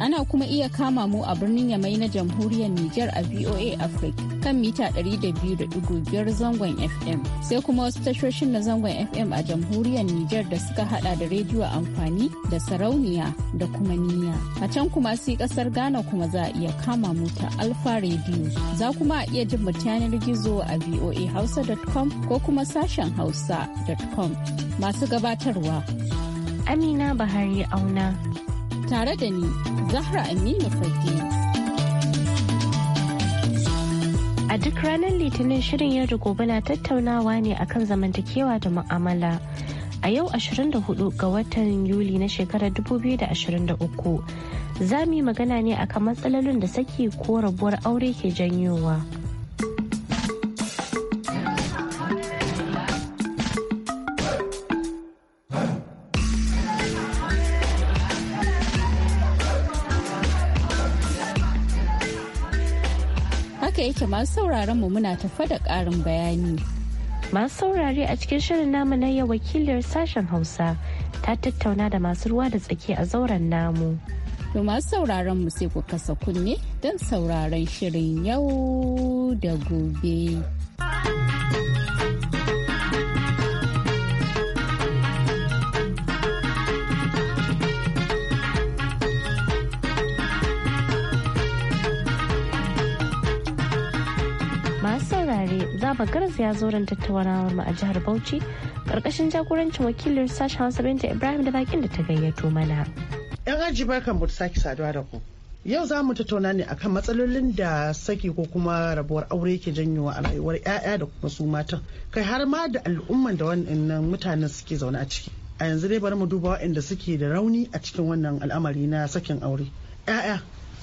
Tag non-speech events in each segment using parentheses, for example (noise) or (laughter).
Ana kuma iya kama mu a birnin Yamai na jamhuriyar Nijar a VOA Africa kan mita 200.5 zangon FM. Sai kuma wasu tashoshin na zangon FM a jamhuriyar Nijar da suka hada da rediyo amfani da sarauniya da kuma niya. A can kuma sai kasar Ghana kuma za a iya kama mu ta Alfa rediyo Za kuma a iya jin yanar gizo a voa Hausa.com ko kuma sashen hausa.com. Masu gabatarwa. Amina Bahari Auna. Tare da ni Zahra Aminu Fage. A duk ranar Litinin shirin yau da gobe na tattaunawa ne akan zamantakewa da mu'amala. A yau 24 ga watan Yuli na shekarar 2023 za mu magana ne akan matsalolin da saki ko rabuwar aure ke janyowa. yake masu sauraron mu muna tafa da ƙarin bayani. Masu saurare a cikin shirin namu na yau wakiliyar sashen Hausa ta tattauna da masu ruwa da tsaki a zauren namu. masu sauraron mu sai ku kasa kunne don sauraron shirin yau da gobe. Baba Bagaras ya zo ran tattaunawar mu a jihar Bauchi karkashin jagorancin wakilin sashen Hausa Binta Ibrahim da bakin da ta gayyato mana. Yan aji barkan mu saki saduwa da ku. Yau za mu tattauna ne akan matsalolin da saki ko kuma rabuwar aure ke janyowa a rayuwar 'ya'ya da kuma su matan kai har ma da al'umman da wannan mutanen suke zaune a ciki. A yanzu dai bari mu duba waɗanda suke da rauni a cikin wannan al'amari na sakin aure. 'Ya'ya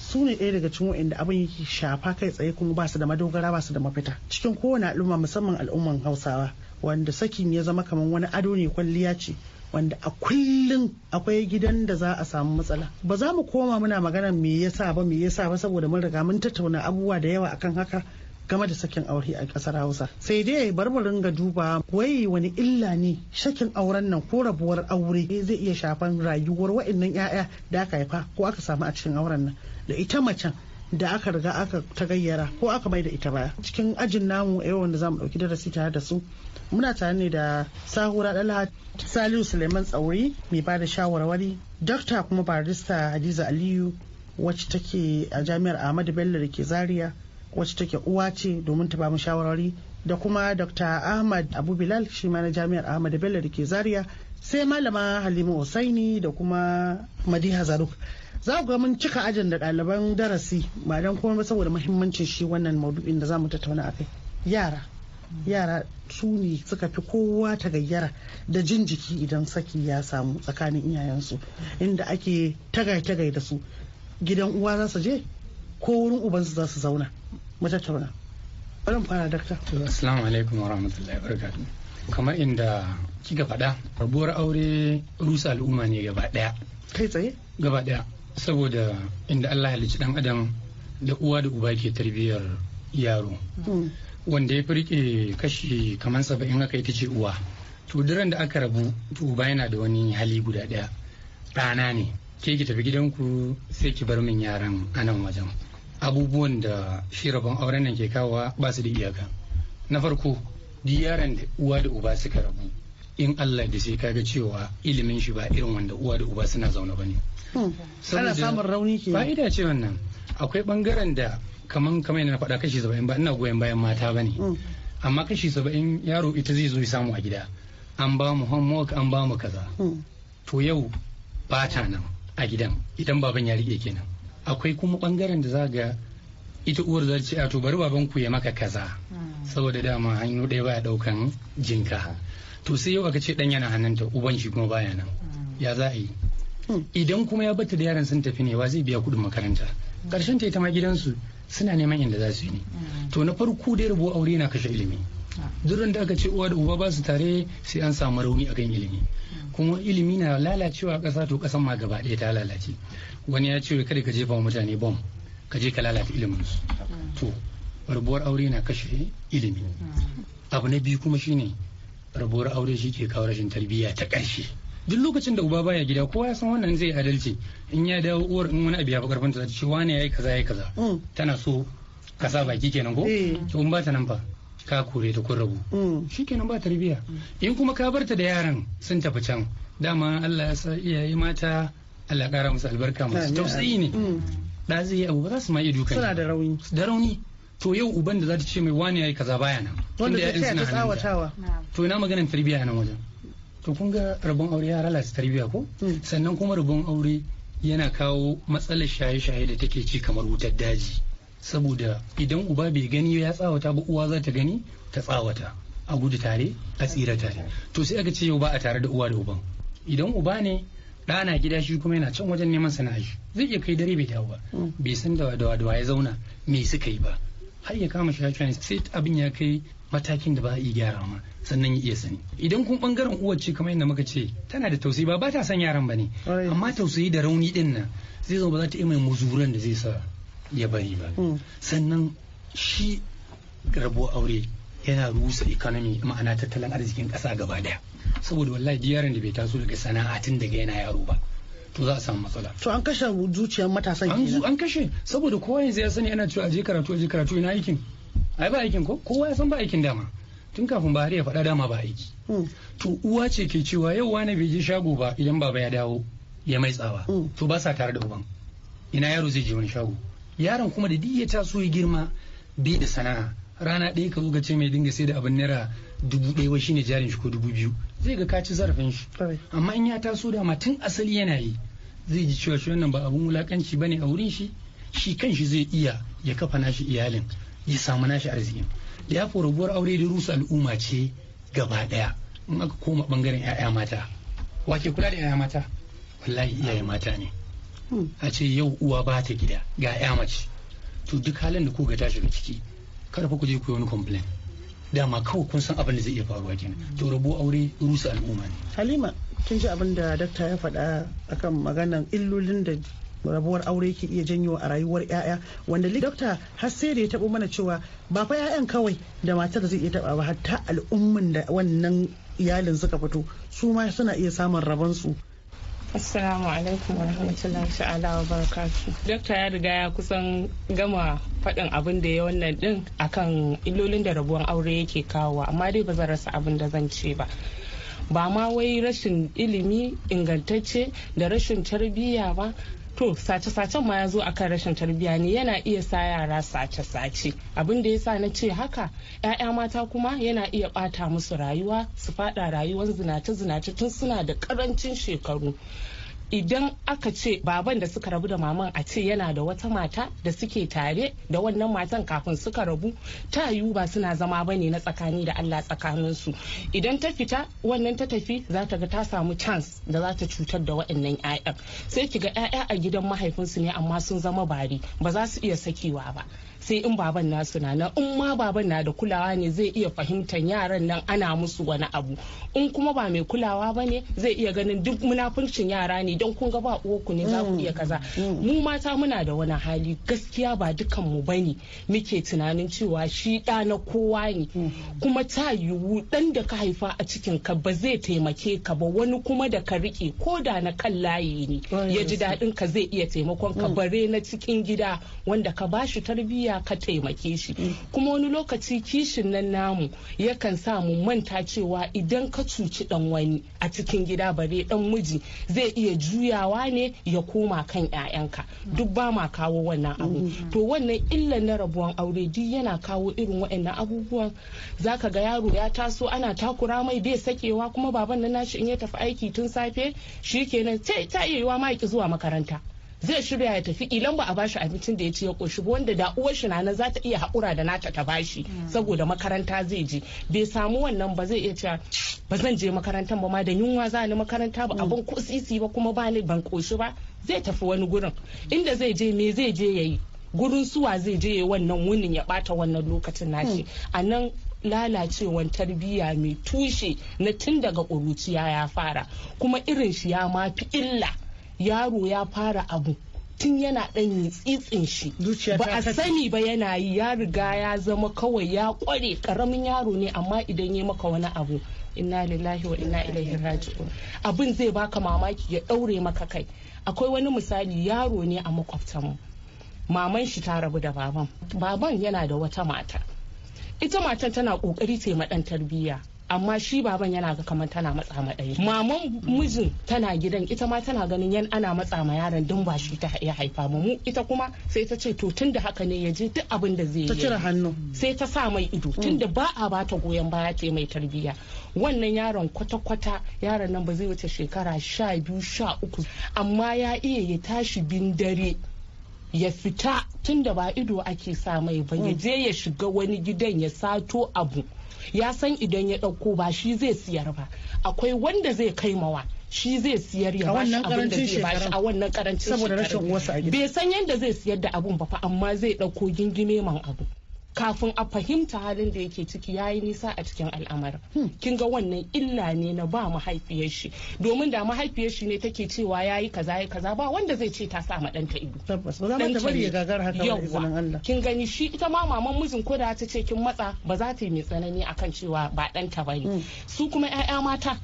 su ne ɗaya daga cikin wa'anda abin yake shafa kai tsaye kuma ba su da madogara ba su da mafita cikin kowane al'umma musamman al'umman hausawa wanda sakin ya zama kamar wani ado ne kwalliya ce wanda a kullum akwai gidan da za a samu matsala ba za mu koma muna magana me yasa ba me yasa ba saboda mun riga mun tattauna abubuwa da yawa akan haka game da sakin aure a kasar hausa sai dai bari mu ringa duba wai wani illa ne sakin auren nan ko rabuwar aure zai iya shafan rayuwar wa'annan 'ya'ya da aka haifa ko aka samu a cikin auren nan da ita macen da aka riga aka ta gayyara ko aka mai da ita baya cikin ajin namu yau wanda zamu ɗauki darasi tare da su muna tare ne da sahura ɗala salihu suleiman tsauri mai bada shawarwari dokta kuma barista hadiza aliyu wacce take a jami'ar ahmadu bello da ke zaria wacce take uwa ce domin ta bamu shawarwari da kuma dr ahmad abu bilal shi ma na jami'ar ahmad bello da ke zaria sai malama halima usaini da kuma madiha zaruk za ku mun cika ajin da ɗaliban darasi ba don kuma ba saboda muhimmancin shi wannan maudu'in da za mu tattauna a kai yara yara su ne suka fi kowa ta gayyara da jin jiki idan saki ya samu tsakanin iyayensu inda ake tagai-tagai da su gidan uwa za su je ko wurin uban su za su zauna mu tattauna bari fara dakta assalamu alaikum wa rahmatullahi kamar inda kika faɗa rabuwar aure rusa al'umma ne gaba ɗaya kai tsaye gaba ɗaya saboda inda Allah halicci dan adam da uwa da uba ke tarbiyyar yaro hmm. wanda ya firke kashi kamar saba'in haka ita ce uwa to da aka rabu to uba yana da wani hali guda ɗaya Rana ne ke ki tafi gidanku sai ki bar min yaran anan wajen abubuwan da shi rabon auren nan ke kawowa ba su da iyaka na farko di yaron da uwa da uba suka rabu in Allah da sai kaga cewa ilimin shi ba irin wanda uwa da uba suna zaune bane hmm. ana samun rauni ke fa'ida ce wannan akwai bangaren da kaman kamar na faɗa kashi saba'in ba ina goyon bayan mata ba ne hmm. amma kashi saba'in yaro ita zai zo ya samu a gida an ba mu homework an ba mu kaza hmm. to yau bata nan a gidan idan baban ya rike kenan akwai kuma bangaren da za ga ita uwar za ce a to bari baban ku ya maka kaza hmm. saboda dama hanyo ɗaya baya ɗaukan jinka hmm. to sai yau aka ce dan yana hannunta uban shi kuma baya nan hmm. ya za a yi idan kuma ya bata da yaran sun tafi ne wa zai biya kuɗin makaranta karshen ta ita ma gidansu suna neman inda za su yi ne to na farko dai rubo aure na kashe ilimi durin da aka ce uwa da uba ba su tare sai an samu rauni akan ilimi kuma ilimi na lalacewa ƙasa to ƙasan ma gaba ɗaya ta lalace wani ya ce kada ka jefa wa mutane bom ka je ka lalata ilimin su to rabuwar aure na kashe ilimi hmm. abu na biyu kuma shine rabuwar aure shi ke kawo rashin tarbiyya ta ƙarshe duk lokacin da uba baya gida kowa ya san wannan zai adalci in ya dawo uwar in wani abu ya fi karfin ta ce wani yi kaza ya kaza hmm. tana so ka sa baki kenan ko eh. to in ba ta nan fa ka kore ta kun rabu hmm. Shi kenan ba tarbiyya in kuma ka barta da yaran sun tafi can dama Allah ya sa iyaye mata Allah ya kara musu albarka masu tausayi ne da mm. zai yi abu ba za su ma iya dukan suna da rauni da rauni to yau uban da za ta ce mai wani yayi kaza baya nan wanda ya tsaya ta tsawatawa to ina maganar tarbiyya nan wajen to kun ga rabon aure ya lalata tarbiya ko mm. sannan kuma rabon aure yana kawo matsalar shaye-shaye da take ci kamar wutar daji saboda idan uba bai gani ya tsawata ba uwa za ta gani ta tsawata a gudu tare a tsira tare to sai aka ce yau ba a tare da uwa da uban idan uba ne ɗana gida shi kuma yana can wajen neman sana'a zai iya kai dare bai dawo ba mm. bai san da wadawa ya zauna me suka yi ba har ya kama shi sai abin ya kai matakin da ba a iya gyara ma sannan ya iya sani idan kun bangaren uwar ce kamar yadda muka ce tana da tausayi ba ba ta san yaran ba ne amma tausayi da rauni din nan zai zama ba za ta iya mai muzuran da zai sa ya bari ba mm. sannan shi rabo aure yana rusa economy ma'ana tattalin arzikin ƙasa gaba daya saboda wallahi duk yaron da bai taso daga sana'a tun daga yana yaro ba to za a samu matsala to an kashe zuciyar matasan kenan an kashe saboda kowa yanzu ya sani ana cewa aje karatu aje karatu ina aikin ai ba aikin ko kowa ya san ba aikin dama tun kafin bahari ya faɗa dama ba aiki hmm. to uwa ce ke cewa yau wani bai je shago ba idan baba ya dawo ya mai tsawa hmm. to ba sa tare da uban ina yaro zai je wani shago yaron kuma da duk ya taso ya girma bai da sana'a rana ɗaya ka zo ka ce mai dinga sai da abin naira dubu ɗaya wai shine jarin shi ko dubu biyu zai ga kaci zarafin shi amma in ya taso dama tun asali yana yi zai ji cewa shi wannan ba abun wulakanci bane a wurin shi shi kan shi zai iya ya kafa nashi iyalin ya samu nashi arzikin da ya rabuwar aure da rusa al'umma ce gaba ɗaya. in aka koma bangaren 'ya'ya mata wake kula da 'ya'ya mata wallahi iyaye mata ne hmm. a ce yau uwa ba ta gida ga 'ya mace to duk halin da ko ga tashi ciki kada fa ku je ku yi wani complain dama kawai kun san abin da zai iya faruwa kenan to rabo aure rusa al'umma ne halima kin ji abin da dakta ya faɗa akan maganan illolin da rabuwar aure ke iya janyo a rayuwar 'ya'ya wanda dokta har sai da ya taɓo mana cewa ba fa 'ya'yan kawai da matar zai iya taɓa ba hatta al'umman da wannan iyalin suka fito su ma suna iya samun rabon su Assalamu alaikum wa rahmatullahi ta'ala wa barakatu. Dokta ya riga ya kusan gama faɗin abin da ya wannan din akan illolin da rabuwar aure yake kawowa amma dai ba zan rasa abin da zan ce ba. Ba ma wai rashin ilimi ingantacce da rashin tarbiyya ba to sace-sacen ma ya zo a kan rashin tarbiyya ne yana iya sa yara sace-sace abin da ya sa na ce haka 'ya'ya mata kuma yana iya ɓata musu rayuwa su faɗa rayuwar zinace-zinace tun suna da ƙarancin shekaru idan aka ce baban da suka rabu da maman a ce yana da wata mata da suke tare da wannan matan kafin suka rabu ta yiwu ba suna zama ba ne na tsakani da Allah tsakaninsu idan ta fita wannan ta tafi za ta ga ta samu chance da za ta cutar da waɗannan 'ya'yan sai ki ga 'ya'ya a gidan mahaifinsu ne amma sun zama bari ba za su iya sakewa ba sai in baban nasu na nan in ma baban na da kulawa ne zai iya fahimtar yaran nan ana musu wani abu in kuma ba mai kulawa ba ne zai iya ganin duk munafuncin yara ne don kun ga ba uku ne za ku mm. iya kaza mm. mu mata muna da wani hali gaskiya ba dukan mu bane muke tunanin cewa shi ɗa na kowa ne mm. kuma ta yiwu dan da ka haifa a cikin ka ba zai taimake ka ba wani kuma da ka rike ko da na kan layi ne ya ji dadin ka zai iya taimakon ka bare na cikin gida wanda ka bashi tarbiyya ka taimake shi kuma wani lokaci kishin nan namu yakan sa mu manta cewa idan ka cuci dan wani a cikin gida bare dan miji zai iya juyawa ne ya koma kan 'ya'yanka duk ba ma kawo wannan abu mm-hmm. to wannan illa na rabuwan aure duk yana kawo irin waɗannan abubuwan zaka ga yaro ya taso ana takura mai bai sakewa kuma baban nan nashi in ya tafi aiki tun safe shi kenan ta iya yiwa ma zuwa makaranta zai shirya ya tafi ilan ba a bashi abincin da ya ci ya koshi ba wanda da uwar shi nana za ta iya haƙura da nata ta bashi mm. saboda makaranta zai je bai samu wannan ba zai iya cewa ba zan je makarantar ba ma da yunwa za ni makaranta ba mm. abin ko sisi ba kuma ba ni ban koshi ba zai tafi wani gurin inda zai je me zai je yayi gurin suwa zai je ya wannan wunin ya bata wannan lokacin nashi mm. a nan lalacewan tarbiyya mai tushe na tun daga ƙuruciya ya fara kuma irin shi ya mafi illa yaro ya fara abu tun yana ɗan tsitsin shi ba a sani ba yana yi ya riga ya zama kawai ya kware karamin yaro ne amma idan ya maka wani abu inna lillahi wa inna ilaihi raji'un abin zai baka mamaki ya ɗaure maka kai akwai wani misali yaro ne a mu maman shi ta rabu da baban baban yana da wata mata ita matan tana kokari ta yi tarbiyya amma shi baban yana ga kamar tana matsa ma ɗaya maman mijin tana gidan ita ma tana ganin yan ana matsa ma yaron din ba shi ta iya haifa ba mu ita kuma sai ta ce to tun da haka ne ya je duk abin da zai yi ta cire hannu sai ta sa mai ido tun da ba a bata goyon baya ce mai tarbiyya wannan yaron kwata-kwata yaron nan ba zai wuce shekara sha biyu sha uku amma ya iya ya tashi bin dare ya fita tun da ba ido ake sa mai ba ya mm. je ya shiga wani gidan ya sato abu ya san idan ya ɗauko ba shi zai siyar ba akwai wanda zai kai mawa shi zai siyar ya bashi abin da zai a wannan karancin shekaru bai san yadda zai siyar da abun ba fa amma zai ɗauko gingime man abu kafin a fahimta halin da yake ciki ya yi nisa a cikin al'amarin hmm. kin ga wannan illa ne na ba mahaifiyar shi domin da mahaifiyar shi ne take cewa ya yi kaza ya kaza ba wanda zai ce ta sa ma ɗanta ido kin gani shi ita ma maman mijin ko da ta ce kin matsa ba za ta yi mai tsanani akan cewa ba ɗanta bane hmm. su kuma 'ya'ya mata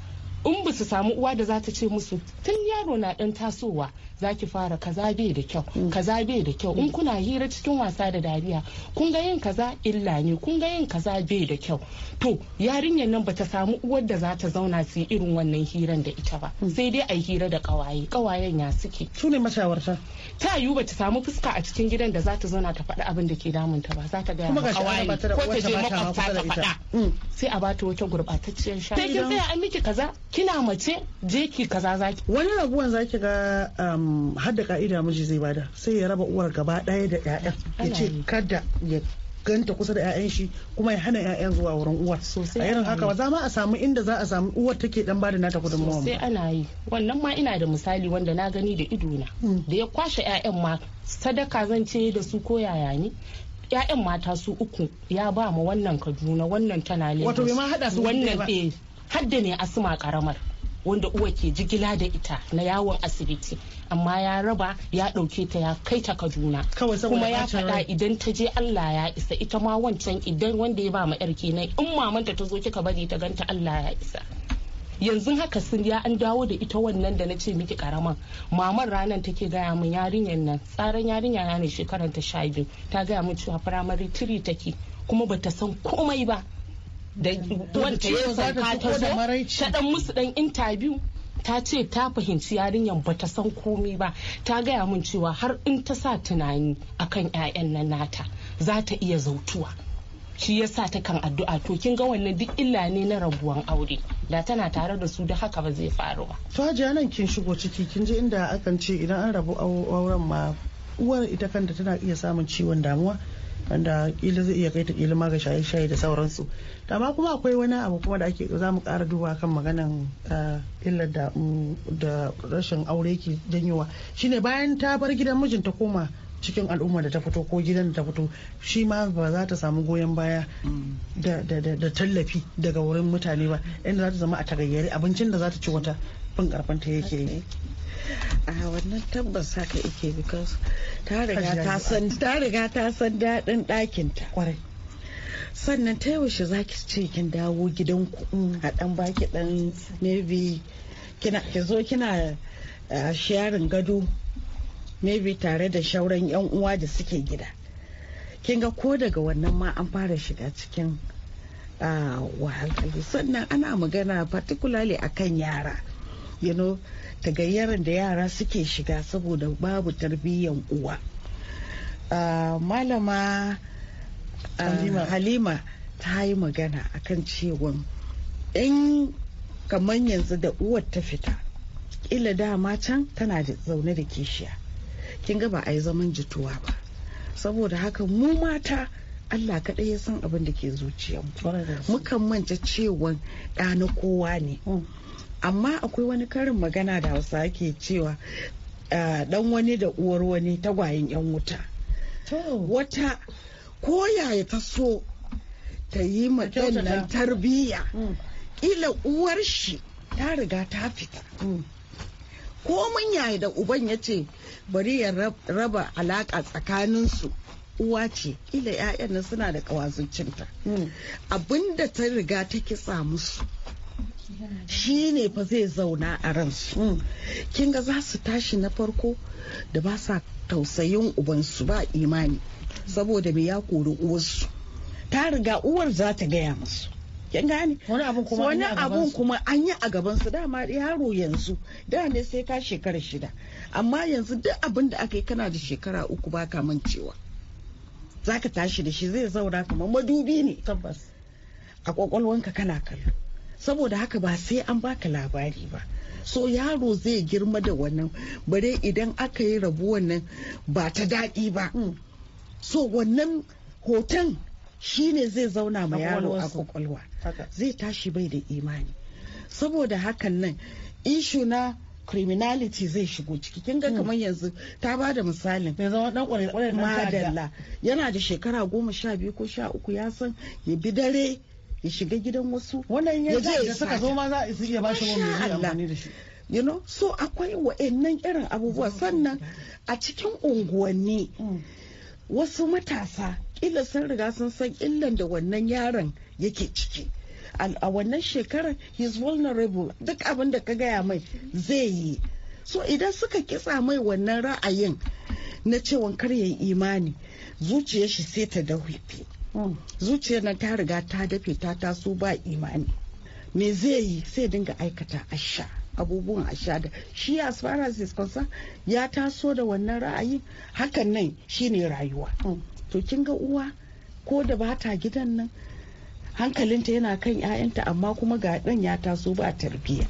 in ba su samu uwa da za ta ce musu tun yaro na ɗan tasowa zaki fara kaza bai da kyau mm. kaza bai da kyau in kuna hira cikin wasa da dariya kun ga yin kaza illa ne kun ga yin kaza bai da kyau to yarinyar nan bata samu uwar da za ta zauna su irin wannan hiran da ita ba mm. sai dai a yi hira da kawaye kawayen ya suke su ne mashawarta ta yiwu bata samu fuska a cikin gidan da za ta zauna ta faɗi abin da ke damunta ba za ta ga kawaye ko ta je makwabta ta faɗa mm. sai a bata wata gurɓatacciyar shayi sai kin tsaya an miki kaza kina mace je ki kaza zaki wani rabuwan zaki ga um, hadda ka'ida miji zai bada sai ya raba uwar gaba ɗaya da 'ya'yan ya ce kada ya ganta kusa da 'ya'yan shi kuma ya hana 'ya'yan zuwa wurin uwar a irin haka ba za ma a samu inda za a samu uwar take dan bada nata mawa sosai ana yi wannan ma ina da misali wanda na gani da na hmm. da ya kwashe 'ya'yan ma sadaka zan ce da su ko yaya ne ya'yan mata su uku ya ba ma wannan kaduna wannan tana lagos wato bai ma hada su wannan eh, hadda ne asma karamar wanda uwa ke jigila da ita na yawon asibiti amma ya raba ya dauke ta ya kai ta kaduna kuma ya faɗa idan ta je allah ya isa ita ma wancan idan wanda ya ba ma yar kenan in mamanta ta zo kika bari ta ganta allah ya isa yanzu haka sun ya an dawo da ita wannan da na ce miki karaman maman ranar take gaya min yarinyar nan tsarin yarinya na ne shekarar ta sha biyu ta gaya min cewa firamare tiri take kuma bata san komai ba da ta dan musu dan interview ta ce ta fahimci yarinyar ba ta san komi ba ta gaya min cewa har in ta sa tunani akan 'ya'yan nan nata za ta iya zautuwa shi sa ta kan addu'a to kin ga wannan duk illa ne na rabuwan aure da tana tare da su da haka ba zai faru ba to hajiya nan kin shigo ciki kin je inda akan ce idan an rabu auren ma uwar ita kanta tana iya samun ciwon damuwa wanda kila zai iya kai ta kila ma ga shaye-shaye da sauransu dama kuma akwai wani abu kuma da ake za mu kara duba kan maganan eh, illar da mm, da rashin aure ke janyowa shine bayan ta bar gidan mijinta koma cikin al'umma da ta fito ko gidan da ta fito shi ma ba za ta samu goyon baya mm. da tallafi daga wurin mutane ba inda za ta zama a tagayyare abincin da za ta ci wata karfin ta yake yi a wannan tabbas haka yake because ta riga ta san daɗin ɗakin ta kwarai sannan ta yaushe za ki ce kin dawo gidanku mm. a ɗan baki ɗan maybe kina ki zo kina sharing gado maybe tare da shauran yan uwa da suke gida kin ga ko daga wannan ma an fara shiga cikin wahalhali sannan ana magana particularly akan yara yano know tagayyarin da yara suke shiga saboda babu tarbiyyan uwa ah, malama ah, halima ta yi magana akan cewan in kamar yanzu da uwar ta fita ila da can tana da zaune da kishiya kin ga ba a yi zaman jituwa ba saboda haka mu mata Allah kaɗai ya san abin da ke zuciyarmu mukan manta cewa ɗa na kowa ne mm. amma akwai wani karin magana da hausa ke cewa dan ah, wani da uwar wani tagwayen yan wuta wata ko ya ta so ta yi nan tarbiyya kila mm. uwar shi ta riga ta fita mm. ko mun yaya da uban ya ce bari ya raba alaka tsakaninsu uwa ce kila 'ya'yan suna da kawazuncinta mm. abinda ta riga ta kitsa musu shi ne fa zai zauna a ransu hmm. kin ga za su tashi na farko da ba sa tausayin ubansu ba imani saboda me ya kori uwarsu ta riga uwar za ta gaya musu kin gane wani abun kuma an yi a gaban su dama yaro yanzu da ne sai ka shekara shida amma yanzu duk abin da aka yi kana da shekara uku ba ka mancewa ka tashi da shi zai zauna kamar madubi ne tabbas a kwakwalwanka kana kallo saboda haka ba sai an baka labari ba so yaro zai girma da wannan bare idan aka yi rabu wannan ba ta daɗi ba hmm. so wannan hoton shine zai zauna ma yaro a kwakwalwa zai tashi bai da imani saboda hakan nan ishu na criminality zai shigo ciki kin ga hmm. kamar yanzu ta ba da misalin madalla yana da shekara goma sha biyu ko sha uku ya san ya bi dare ya shiga gidan wasu wannan ya je da suka zo ma za a iya ba shi wani zai amfani da shi you know so akwai wa'annan irin abubuwa sannan a cikin unguwanni mm. wasu matasa kila sun riga sun san illan da wannan yaron yake ciki a wannan shekarar he's vulnerable duk abin da ka gaya mai zai yi so idan suka kitsa mai wannan ra'ayin na cewa kar ya imani zuciyar shi sai ta dawife zuciyar nan ta riga ta dafe ta taso ba imani me zai yi sai dinga aikata asha abubuwan asha da shi as far as ya taso da wannan ra'ayi hakan nan shine rayuwa to kin ga uwa ko da ba ta gidan nan hankalinta yana kan 'ya'yanta amma kuma ga ɗan ya taso ba tarbiyya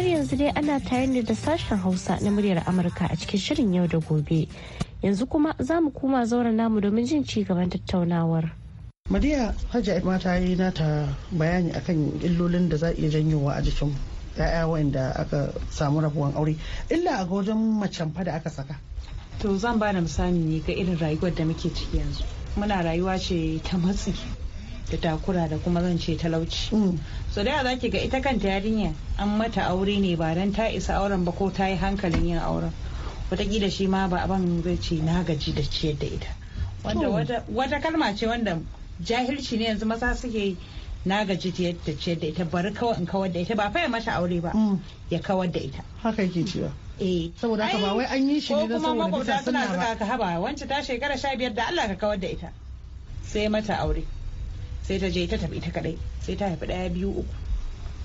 har yanzu dai ana tare ne da sashen Hausa na muryar Amurka a cikin shirin yau da gobe. Yanzu kuma za mu koma zauren namu domin jin ci gaban tattaunawar. Madiya Hajji mata yi nata bayani akan illolin da za a iya janyowa a jikin ya'ya wanda aka samu rabuwan aure illa a wajen macen fa da aka saka. To zan ba misali ne ga irin rayuwar da muke ciki yanzu. Muna rayuwa ce ta matsi da takura da kuma zan ce talauci mm. so da za ki ga ita kanta yarinya an mata aure ne ba dan ta isa auren ba ko ta yi hankalin yin auren wataƙila shi ma ba abin zai ce na gaji da ciyar da ita wanda wata kalma ce wanda jahilci ne yanzu maza suke yi na gaji da ciyar da ita bari kawai in kawar da ita ba fa ya mata aure ba mm. ya kawar da ita haka yake cewa eh, saboda haka ba wai an yi shi ne da saboda bisa sunna ba ko kuma makwabta suna suka haba wancan ta shekara sha biyar da Allah ka kawar da ita sai mata aure sai ta je ta tafi ita kadai sai ta haifi daya biyu uku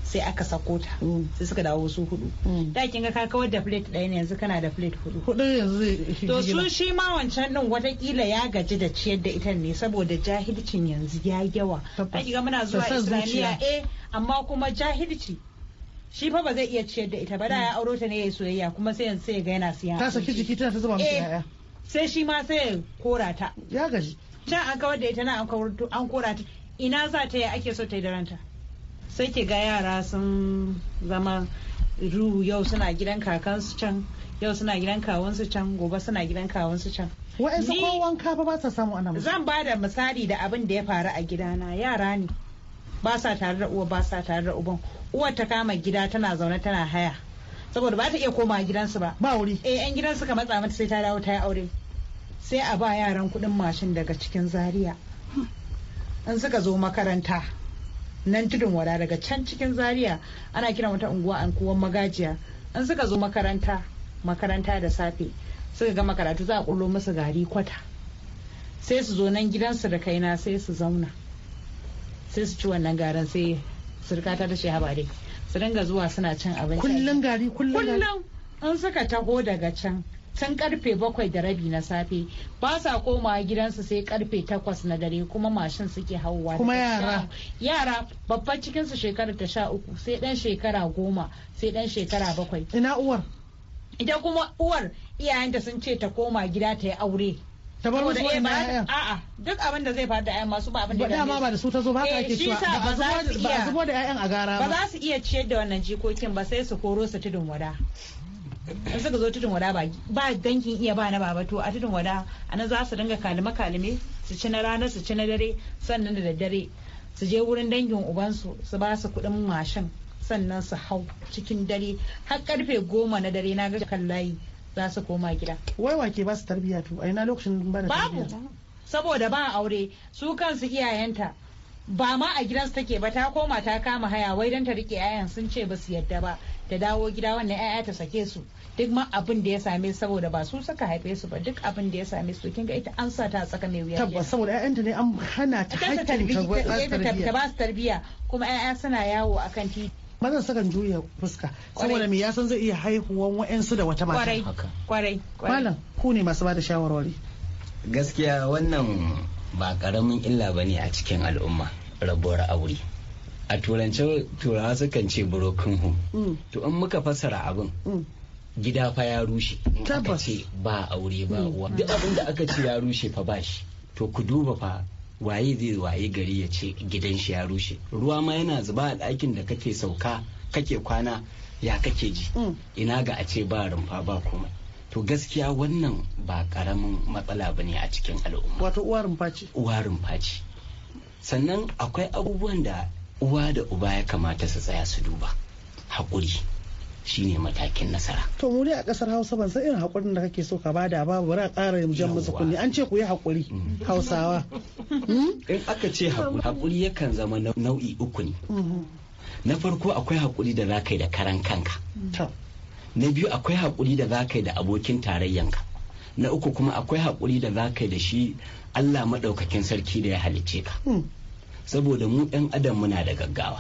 sai aka sako ta mm. sai suka dawo su hudu mm. da kin ga ka kawar da plate ɗaya ne yanzu kana da plate hudu hudu yanzu to (laughs) su shi ma wancan din watakila ya gaji da ciyar da ita ne saboda jahilcin yanzu ya yawa ga muna zuwa islamiya eh amma kuma jahilci shi fa ba zai iya ciyar da ita ba da ya mm. auro ta ne ya soyayya kuma sai yanzu sai ga yana siya ta saki jiki tana ta zuba masa eh, yaya sai shi ma sai korata kora ta ya gaji can an kawar da ita na an kora ta ina za ta yi ake so ta yi da ranta sai ke ga yara sun zama ru yau suna gidan kakansu can yau suna gidan kawansu can gobe suna gidan kawansu can wa'ansu ko wanka ba ba sa samu ana zan ba da misali da abin da ya faru a gidana yara ne ba sa tare da uwa ba sa tare da uban uwar ta kama gida tana zaune tana haya saboda ba ta iya komawa gidansu ba ba wuri eh yan gidansu ka matsa mata sai ta dawo ta yi aure sai a ba yaran kuɗin mashin daga cikin zaria in suka zo makaranta nan tudun wada daga can cikin zaria ana kiran wata unguwa kuwan magajiya in suka zo makaranta makaranta da safe suka gama karatu za a kullo musu gari kwata sai su zo nan gidansu da kaina sai su zauna sai su ci wannan garin sai surkata da shehaba dai su dinga zuwa suna cin abinci kullum gari kullum kullum an suka taho daga can tun karfe bakwai da rabi na safe ba sa komawa gidansu sai karfe takwas na dare kuma mashin suke hauwa kuma yara yara babban cikinsu shekara ta sha uku sai dan shekara goma sai dan shekara bakwai ina uwar ita kuma uwar iyayenta sun ce ta koma gida ta yi aure ta bar musu eh, wani a'a duk abin da zai faru da ayan masu ba abin da dama ba da su ta zo ba ka eh, ake cewa ba za su iya ba za su iya ciyar da wannan jikokin ba sai su koro su tudun wada an suka zo tudun wada ba dangin iya ba na baba to a tudun wada a nan za su dinga kalime kalime su ci na rana su ci na dare sannan da daddare su je wurin dangin ubansu su ba su kuɗin mashin sannan su hau cikin dare har karfe goma na dare na ga kan za su koma gida wai wake ba su tarbiyya to a ina lokacin ba da babu saboda ba aure su kansu iyayenta ba ma a gidansu take ba ta koma ta kama haya wai don ta rike 'ya'yan sun ce ba su yadda ba ta dawo gida wannan 'ya'ya ta sake su duk ma abin da ya same su saboda ba su suka haife su ba duk abin da ya same su kinga ita an sa ta tsaka mai wuya tabbas saboda ƴaƴanta ne an hana ta haƙƙin ta ba su tarbiya kuma 'ya'ya suna yawo akan titi mazan saka juya fuska saboda me yasan zai iya haihuwan wa'ensu da wata mata kwarai kwarai malam ku ne masu bada shawarwari gaskiya wannan ba karamin illa ba ne a cikin al'umma rabuwar aure a turance turawa sukan ce broken home mm. to in muka fasara abin mm. gida fa ya rushe aka ce ba aure ba mm. uwa duk abin da aka ce ya rushe fa ba shi to ku duba fa waye zai waye gari ya ce gidan shi ya rushe ruwa ma yana zuba a ɗakin da kake sauka kake kwana ya kake ji ina ga a ce ba rumfa ba komai to gaskiya wannan ba karamin matsala ba ne a cikin al'umma wato uwarin faci uwarin faci sannan akwai abubuwan da uwa da uba ya kamata su tsaya su duba haƙuri shine matakin nasara to mu a ƙasar hausa ban san irin haƙurin da kake so ka bada ba bari a ƙara jan musu kunni an ce ku yi haƙuri hausawa hmm? in aka ce haƙuri haƙuri yakan zama nau'i uku ne mm-hmm. na farko akwai haƙuri da za ka yi da karan kanka na biyu akwai haƙuri da za ka yi da abokin tarayyanka na uku kuma akwai haƙuri da za ka yi da shi allah maɗaukakin sarki da ya halicce ka hmm. saboda mu ɗan adam muna da gaggawa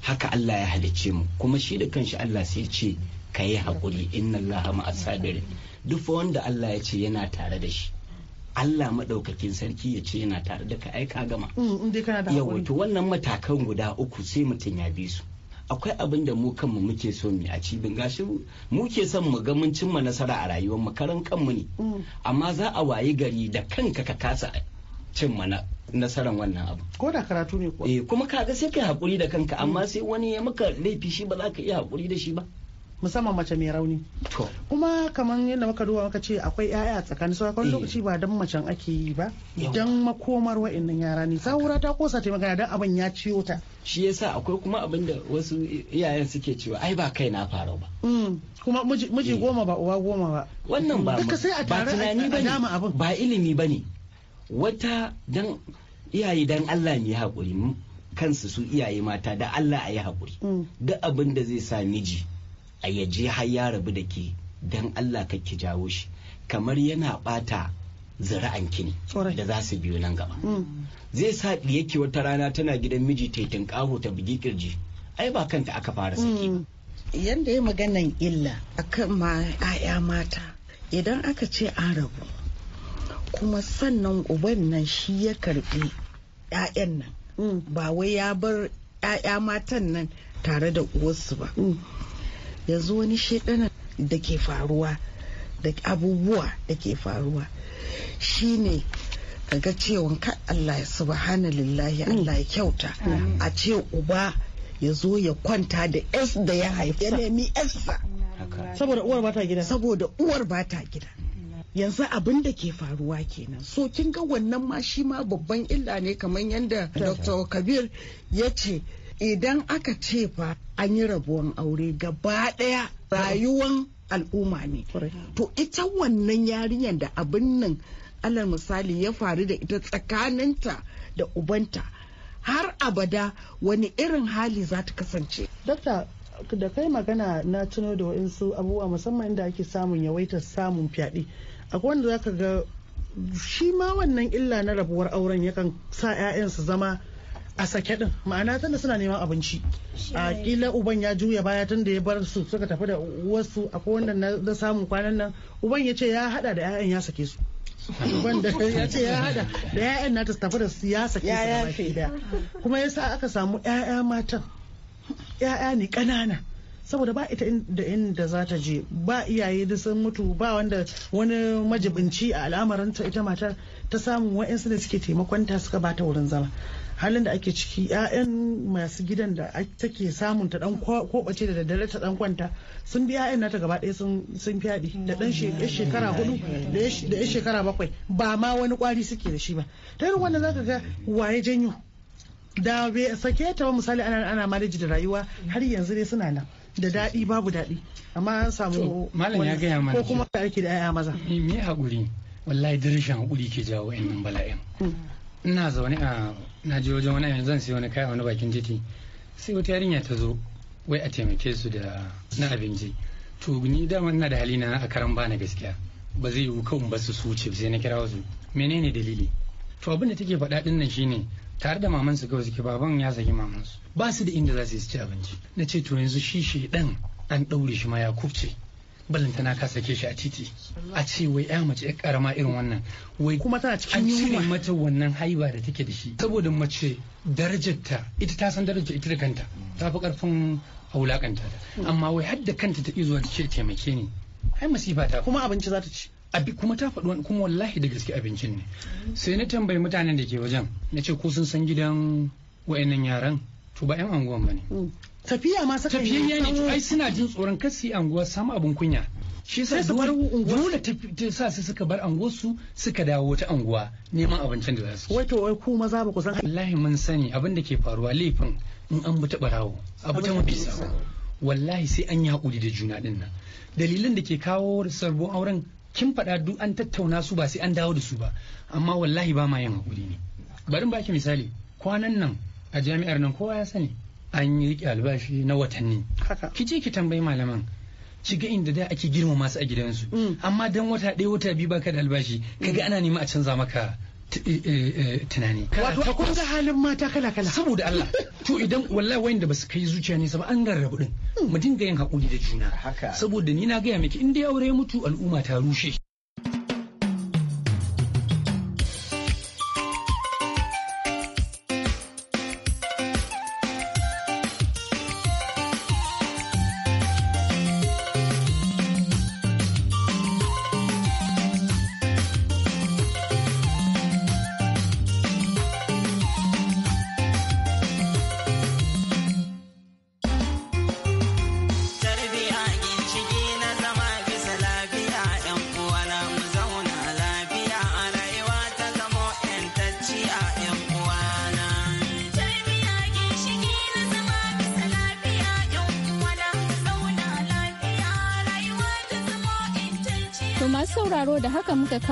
haka allah ya halicce mu kuma shi da kanshi allah sai ce ka yi haƙuri inna ma asabiri duk wanda allah ya ce yana tare da shi Allah maɗaukakin sarki ya ce yana tare da ka aika gama. Hmm, Yawwa to wannan matakan guda uku sai mutum ya bi su. akwai abin da mu kanmu muke so mu a cibin gashi mu ke son mu ga mun cimma nasara a rayuwar mu karan kanmu ne mm. amma za a wayi gari da kanka ka kasa cimma na nasaran wannan abu ko da karatu ne ko eh kuma kaga sai kai hakuri da kanka amma sai wani ya maka laifi shi ba za ka iya hakuri da shi ba musamman mace mai rauni kuma kamar yadda muka duba muka ce akwai yaya tsakanin sauran wani lokaci eh. ba dan macen ake yi ba Idan makomar wa'annan yara ne saura ta kosa ta magana dan abin ya ciyo ta shi yasa akwai kuma abin da wasu iyayen suke cewa ai ba kai na fara ba mm, kuma miji eh. goma ba uwa goma ba wannan ba ka sai a tare a dama abin ba ilimi bane wata dan iyaye dan Allah ne hakuri kansu su iyaye mata da Allah a yi hakuri mm. Da abin da zai sa miji a yaje har ya rabu da ke don Allah ka ki jawo shi kamar yana bata zira'anki ne da za su biyo nan gaba hmm. zai sa yake wata rana tana gidan miji taitin kaho ta bugi ƙirji ai ba kanta aka fara saki ba hmm. yanda ya maganan illa akan ma 'ya'ya mata idan aka ce an rabu kuma sannan uban nan shi ya karbi 'ya'yan nan hmm. ba wai ya bar 'ya'ya matan nan tare da uwarsu ba yanzu wani shaidanar da ke faruwa da abubuwa da ke faruwa shine ga cewan ka Allah ya subhana lillahi mm. Allah ya kyauta mm. a ce uba ya zo ya kwanta da s da ya haifa ya nemi sa saboda uwar bata gida saboda uwar bata gida yanzu abin da ke faruwa kenan so kin ga wannan ma shi ma babban illa ne kamar yadda dr kabir ya ce idan aka ce fa an yi rabuwan aure gaba ɗaya rayuwan al'umma ne to ita wannan yarinyar da abin nan alal misali ya faru da ita tsakaninta da ubanta har abada wani irin hali za ta kasance da kai magana na tuno da waɗansu abubuwa musamman inda ake samun yawaitar samun fyaɗe akwai wanda za ka ga shi ma wannan illa na rabuwar auren yakan sa 'ya'yan su zama a sake din ma'ana tana suna neman abinci a kila uban ya juya baya tunda ya bar su suka tafi da wasu akwai wanda na samu kwanan nan uban ya ce ya hada da 'ya'yan ya sake su da ya ce ya hada da 'ya'yan na ta tafi da su ya sake su da baki daya kuma yasa aka samu 'ya'ya matan 'ya'ya ne kanana saboda ba ita da inda za ta je ba iyaye da sun mutu ba wanda wani majibinci a ta ita matar ta samu wa'insu da suke taimakonta suka ba ta wurin zama halin da ake ciki 'ya'yan masu gidan da take samun ta dan kobace da daddare ta dan kwanta sun bi 'ya'yan nata gaba ɗaya sun fyaɗe da dan shekara hudu da ya shekara bakwai ba ma wani kwari suke da shi ba ta wanda wannan zaka ga waye janyo da bai sake ta misali ana ana maleji da rayuwa har yanzu dai suna nan da daɗi babu daɗi amma an samu malam ya gaya mana ko kuma ake da 'ya'ya maza me hakuri wallahi dirishin hakuri ke jawo 'yan bala'in hmm. ina zaune a na wani yanzu zan siyo wani kaya wani bakin titi sai wata yarinya ta zo wai a taimake su da na abinci to ni dama ina da na a karan bana gaskiya ba zai yiwu kawai ba su su ce sai na kira wasu menene dalili to abin da take faɗa din nan shine tare da maman su kawai suke baban ya saki maman su ba su da inda za su ci abinci na ce to yanzu shi shi an ɗaure shi ma ya kufce na ka sake shi a titi a ce wai ya mace yar karama irin wannan wai kuma tana cikin yunwa an mata wannan haiba da take da shi saboda mace darajarta ita ta san darajar ita da kanta ta fi karfin a wulakanta amma wai hadda kanta ta izuwa ta ce taimake ni ai masifa ta kuma abinci za ta ci abi kuma ta faɗi kuma wallahi da gaske abincin ne sai na tambayi mutanen da ke wajen na ce ko sun san gidan wa'annan yaran to ba 'yan anguwan ba ne mm. tafiya ma saka tafiyayya ne ai suna jin tsoron kar su yi anguwa samu abin kunya shi sa su bar dole ta sa su suka bar anguwar su suka dawo ta anguwa neman abincin da za su wai to wai ku maza ba ku san wallahi mun sani abin da ke faruwa laifin in an bi ta barawo abu ta mafi sawa wallahi sai an yi hakuri da juna din nan dalilin da ke kawo sarbon auren kin faɗa duk an tattauna su ba sai an dawo da su ba amma wallahi ba ma yin hakuri ne bari ba ki misali kwanan nan a jami'ar nan kowa ya sani an yi riƙe albashi na watanni ki je ki tambayi malaman ki ga inda da ake girma masu a gidansu mm. amma dan wata ɗaya wata biyu baka da albashi kaga mm. ana nema a canza maka eh, eh, eh, tunani wato kun ga halin mata kala kala saboda Allah to idan wallahi wayanda basu kai zuciya ne saboda an rarrabu din mm. mu dinga yin hakuri da juna saboda ni na gaya miki in ya aure mutu al'umma ta rushe